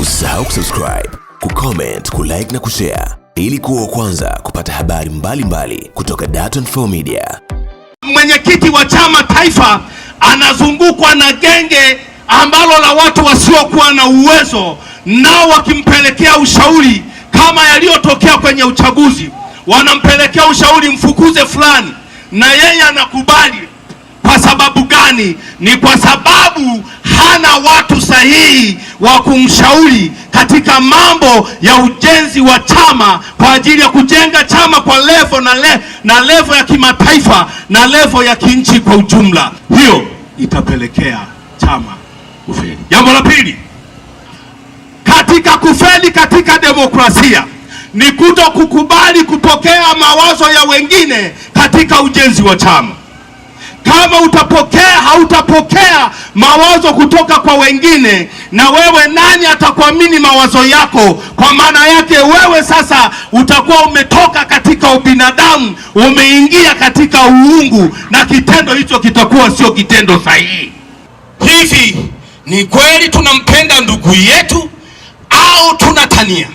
Usisahau kusubscribe, kucomment, kulike na kushare ili kuwa kwanza kupata habari mbalimbali mbali kutoka Dar24 Media. Mwenyekiti wa chama taifa anazungukwa na genge ambalo la watu wasiokuwa na uwezo, nao wakimpelekea ushauri kama yaliyotokea kwenye uchaguzi, wanampelekea ushauri mfukuze fulani, na yeye anakubali. Kwa sababu gani? Ni kwa sababu hawana watu sahihi wa kumshauri katika mambo ya ujenzi wa chama kwa ajili ya kujenga chama kwa levo na, le, na levo ya kimataifa na levo ya kinchi kwa ujumla. Hiyo itapelekea chama kufeli. Jambo la pili katika kufeli katika demokrasia ni kuto kukubali kupokea mawazo ya wengine katika ujenzi wa chama. Kama utapokea hautapokea mawazo kutoka kwa wengine, na wewe nani atakuamini mawazo yako? Kwa maana yake wewe sasa utakuwa umetoka katika ubinadamu umeingia katika uungu, na kitendo hicho kitakuwa sio kitendo sahihi. Hivi ni kweli tunampenda ndugu yetu au tunatania?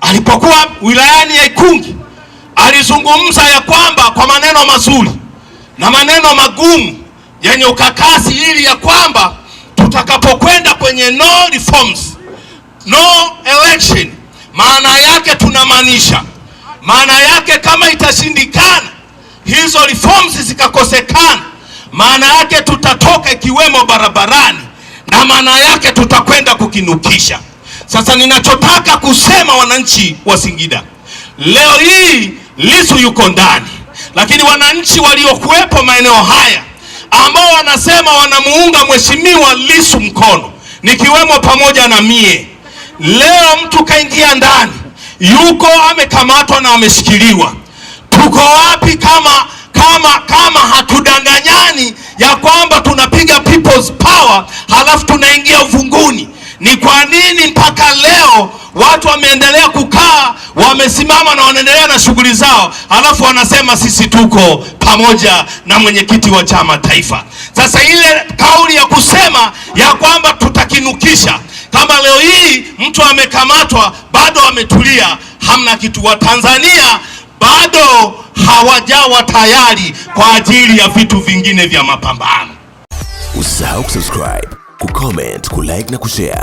Alipokuwa wilayani ya Ikungi alizungumza ya kwamba kwa maneno mazuri na maneno magumu yenye ukakasi, ili ya kwamba tutakapokwenda kwenye no reforms, no election, maana yake tunamaanisha, maana yake kama itashindikana hizo reforms zikakosekana, maana yake tutatoka ikiwemo barabarani, na maana yake tutakwenda kukinukisha. Sasa ninachotaka kusema wananchi wa Singida leo hii, Lissu yuko ndani lakini wananchi waliokuwepo maeneo haya ambao wanasema wanamuunga mheshimiwa Lissu mkono, nikiwemo pamoja na mie, leo mtu kaingia ndani, yuko amekamatwa na ameshikiliwa. Tuko wapi kama kama kama hatudanganyani ya kwamba tunapiga people's power halafu tunaingia uvunguni? Ni kwa nini mpaka leo watu wameendelea kukaa wamesimama na wanaendelea na shughuli zao, alafu wanasema sisi tuko pamoja na mwenyekiti wa chama taifa. Sasa ile kauli ya kusema ya kwamba tutakinukisha, kama leo hii mtu amekamatwa bado ametulia, hamna kitu. Watanzania bado hawajawa tayari kwa ajili ya vitu vingine vya mapambano. Usisahau kusubscribe, kucomment, kulike na kushare